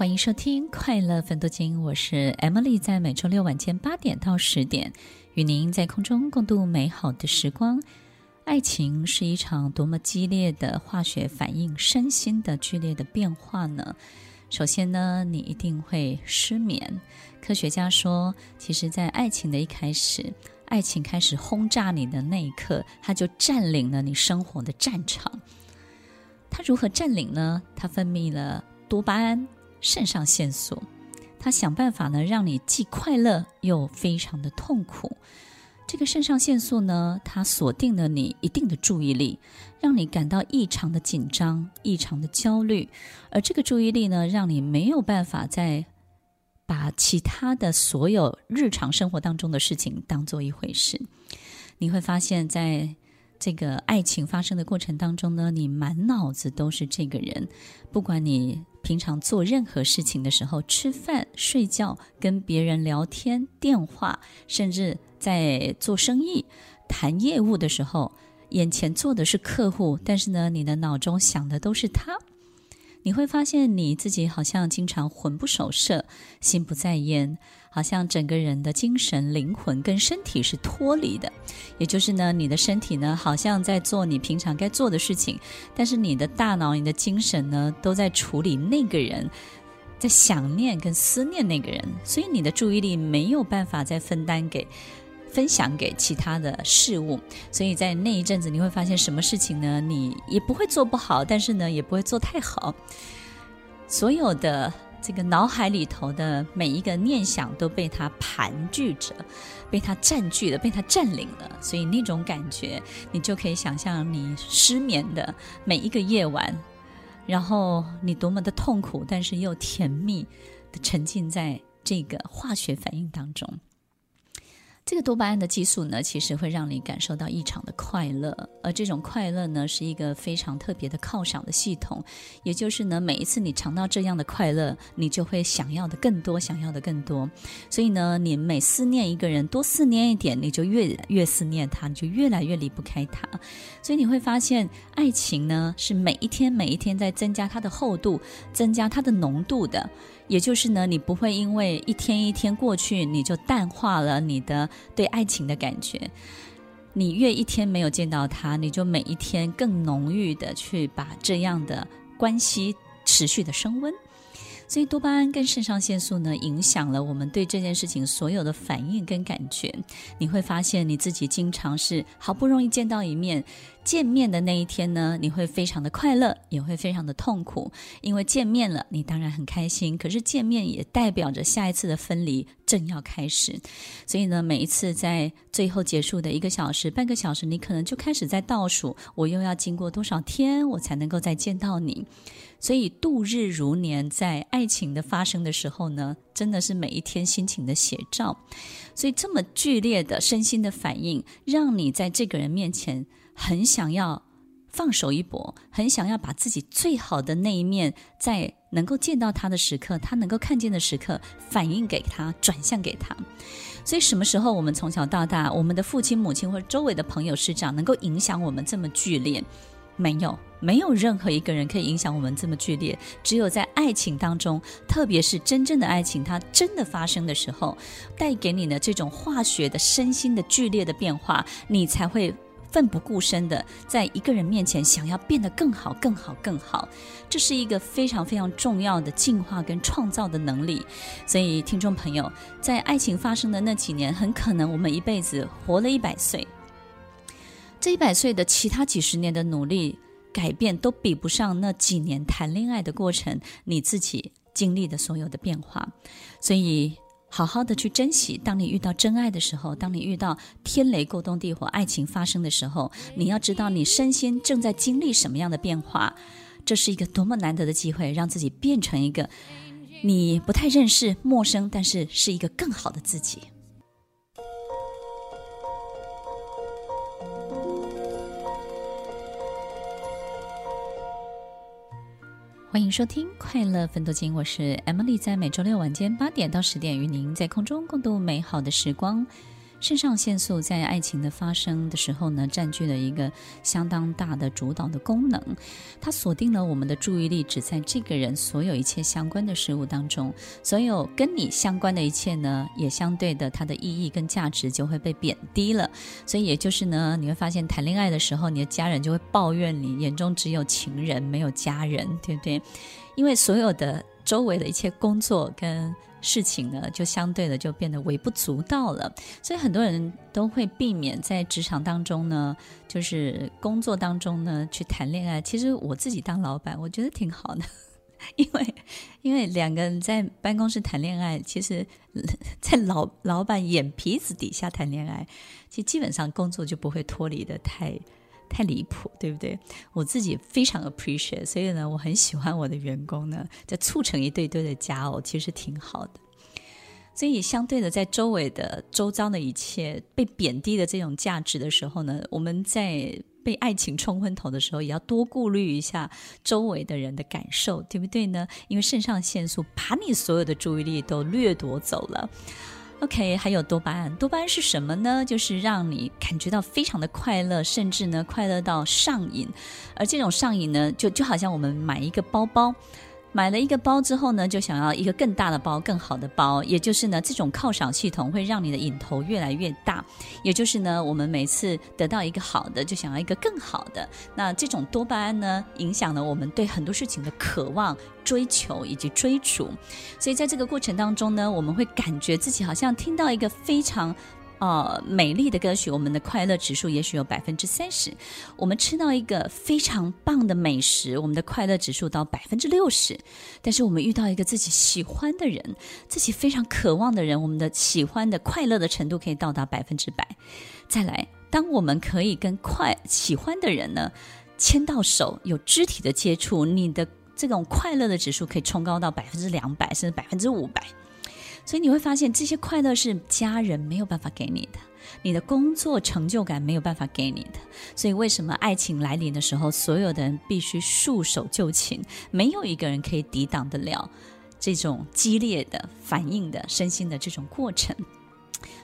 歡迎收聽《快樂分多金》，我是 Emily，在每周六晚間八點到十點，與您在空中共度美好的時光。愛情是一場多麼激烈的化學反應，身心的劇烈的變化呢？首先呢，你一定會失眠。科學家說，其實，在愛情的一開始，愛情開始轟炸你的那一刻，它就占領了你生活的戰場。它如何占領呢？它分泌了多巴胺。腎上腺素，它想辦法呢，讓你既快樂又非常的痛苦。這個腎上腺素呢，它鎖定了你一定的注意力，讓你感到異常的緊張、異常的焦慮，而這個注意力呢，讓你沒有辦法再把其他的所有日常生活當中的事情當做一回事。你會發現在。這個愛情發生的過程當中呢，你滿腦子都是這個人，不管你平常做任何事情的時候，吃飯、睡覺、跟別人聊天、電話，甚至在做生意、談業務的時候，眼前坐的是客戶，但是呢，你的腦中想的都是他。你會發現你自己好像經常魂不守舍、心不在焉，好像整個人的精神、靈魂跟身體是脫離的。也就是呢，你的身體呢，好像在做你平常該做的事情，但是你的大腦、你的精神呢，都在處理那個人，在想念跟思念那個人，所以你的注意力沒有辦法再分擔給。分享給其他的事物，所以在那一陣子，你會發現什麼事情呢？你也不會做不好，但是呢，也不會做太好。所有的這個腦海裡頭的每一個念想都被它盤踞着，被它占據了，被它占領了。所以那種感覺，你就可以想象你失眠的每一個夜晚，然後你多麼的痛苦，但是又甜蜜的沉浸在這個化學反應當中。這個多巴胺的激素呢，其實會讓你感受到異常的快樂，而這種快樂呢，是一個非常特別的犒賞的系統，也就是呢，每一次你嘗到這樣的快樂，你就會想要的更多，想要的更多。所以呢，你每思念一個人，多思念一點，你就越越思念他，你就越來越離不開他。所以你會發現，愛情呢，是每一天，每一天在增加它的厚度，增加它的濃度的。也就是呢，你不會因為一天一天過去，你就淡化了你的對愛情的感覺。你越一天沒有見到他，你就每一天更濃郁地去把這樣的關係持續地升溫。所以，多巴胺跟腎上腺素呢，影響了我們對這件事情所有的反應跟感覺。你會發現你自己經常是好不容易見到一面。見面的那一天呢，你會非常的快樂，也會非常的痛苦，因為見面了，你當然很開心，可是見面也代表着下一次的分離正要開始，所以呢，每一次在最後結束的一個小時、半個小時，你可能就開始在倒數，我又要經過多少天，我才能夠再見到你，所以度日如年，在愛情的發生的時候呢，真的是每一天心情的寫照，所以這麼劇烈的身心的反應，讓你在這個人面前。很想要放手一搏，很想要把自己最好的那一面，在能夠見到他的時刻，他能夠看見的時刻，反映給他，轉向給他。所以，什麼時候我們從小到大，我們的父親、母親或者周圍的朋友、師長，能夠影響我們這麼劇烈？沒有，沒有任何一個人可以影響我們這麼劇烈。只有在愛情當中，特別是真正的愛情，它真的發生的時候，帶給你的這種化學的、身心的劇烈的變化，你才會。奮不顧身的在一個人面前想要變得更好、更好、更好，這是一個非常非常重要的進化跟創造的能力。所以，聽眾朋友，在愛情發生的那幾年，很可能我們一輩子活了一百歲，這一百歲的其他幾十年的努力改變都比不上那幾年談戀愛的過程，你自己經歷的所有的變化。所以。好好的去珍惜，當你遇到真愛的時候，當你遇到天雷勾動地火，愛情發生的時候，你要知道你身心正在經歷什麼樣的變化，這是一個多麼難得的機會，讓自己變成一個你不太認識、陌生，但是是一個更好的自己。歡迎收聽《快樂奮鬥經》，我是 Emily，在每週六晚間八點到十點，與您在空中共度美好的時光。腎上腺素在愛情的發生的時候呢，佔據了一個相當大的主導的功能，它鎖定了我們的注意力只在這個人所有一切相關的事物當中，所有跟你相關的一切呢，也相對的它的意義跟價值就會被貶低了。所以也就是呢，你會發現談戀愛的時候，你的家人就會抱怨你眼中只有情人，沒有家人，對不對？因為所有的周圍的一切工作跟事情呢，就相對的就變得微不足道了，所以很多人都會避免在職場當中呢，就是工作當中呢去談戀愛。其實我自己當老闆，我覺得挺好的， 因為因為兩個人在辦公室談戀愛，其實在老老闆眼皮子底下談戀愛，其實基本上工作就不會脫離的太。太離譜，對不對？我自己非常 appreciate，所以呢，我很喜歡我的員工呢，在促成一對對的佳偶，其實挺好的。所以相對的，在周圍的周遭的一切被貶低的這種價值的時候呢，我們在被愛情沖昏頭的時候，也要多顧慮一下周圍的人的感受，對不對呢？因為腎上腺素把你所有的注意力都掠奪走了。OK，還有多巴胺。多巴胺是什麼呢？就是讓你感覺到非常的快樂，甚至呢，快樂到上癮。而這種上癮呢，就就好像我們買一個包包。買了一個包之後呢，就想要一個更大的包，更好的包，也就是呢，這種犒賞系統會讓你的癮頭越來越大，也就是呢，我們每次得到一個好的，就想要一個更好的，那這種多巴胺呢，影響了我們對很多事情的渴望、追求以及追逐，所以在這個過程當中呢，我們會感覺自己好像聽到一個非常，呃，美麗的歌曲，我們的快樂指數也許有百分之三十；我們吃到一個非常棒的美食，我們的快樂指數到百分之六十；但是我們遇到一個自己喜歡的人，自己非常渴望的人，我們的喜歡的快樂的程度可以到達百分之百。再來，當我們可以跟快喜歡的人呢，牽到手，有肢體的接觸，你的這種快樂的指數可以衝高到百分之兩百，甚至百分之五百。所以你會發現，這些快樂是家人沒有辦法給你的，你的工作成就感沒有辦法給你的。所以為什麼愛情來臨的時候，所有的人必須束手就擒，沒有一個人可以抵擋得了這種激烈的反應的身心的這種過程。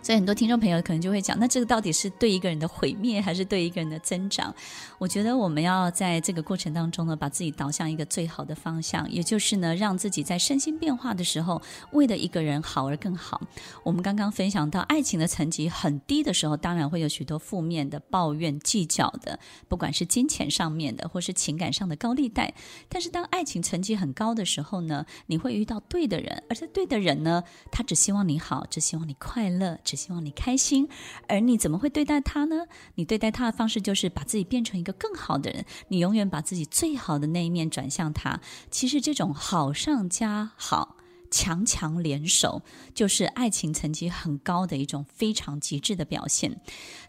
所以很多聽眾朋友可能就會講，那這個到底是對一個人的毀滅，還是對一個人的增長？我覺得我們要在這個過程當中呢，把自己導向一個最好的方向，也就是呢，讓自己在身心變化的時候，為了一個人好而更好。我們剛剛分享到愛情的層級很低的時候，當然會有許多負面的抱怨、計較的，不管是金錢上面的，或是情感上的高利貸。但是當愛情層級很高的時候呢，你會遇到對的人，而且對的人呢，他只希望你好，只希望你快樂。只希望你開心，而你怎麼會對待他呢？你對待他的方式就是把自己變成一個更好的人，你永遠把自己最好的那一面轉向他。其實這種好上加好、強強聯手，就是愛情層級很高的一種非常極致的表現。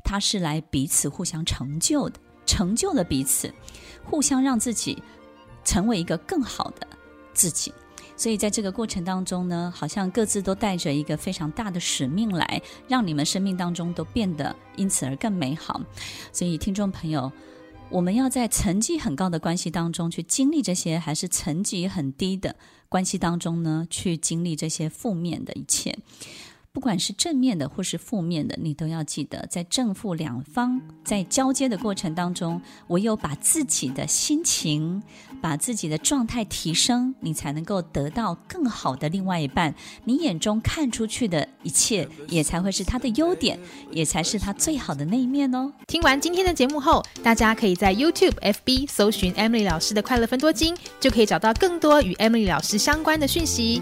他是來彼此互相成就的，成就了彼此，互相讓自己成為一個更好的自己。所以在這個過程當中呢，好像各自都帶着一個非常大的使命來，讓你們生命當中都變得因此而更美好。所以，聽眾朋友，我們要在層級很高的關係當中去經歷這些，還是層級很低的關係當中呢，去經歷這些負面的一切？不管是正面的或是負面的，你都要記得，在正負兩方在交接的過程當中，唯有把自己的心情、把自己的狀態提升，你才能夠得到更好的另外一半。你眼中看出去的一切，也才會是他的優點，也才是他最好的那一面哦。聽完今天的節目後，大家可以在 YouTube、FB 搜尋 Emily 老師的快樂分多金，就可以找到更多與 Emily 老師相關的訊息。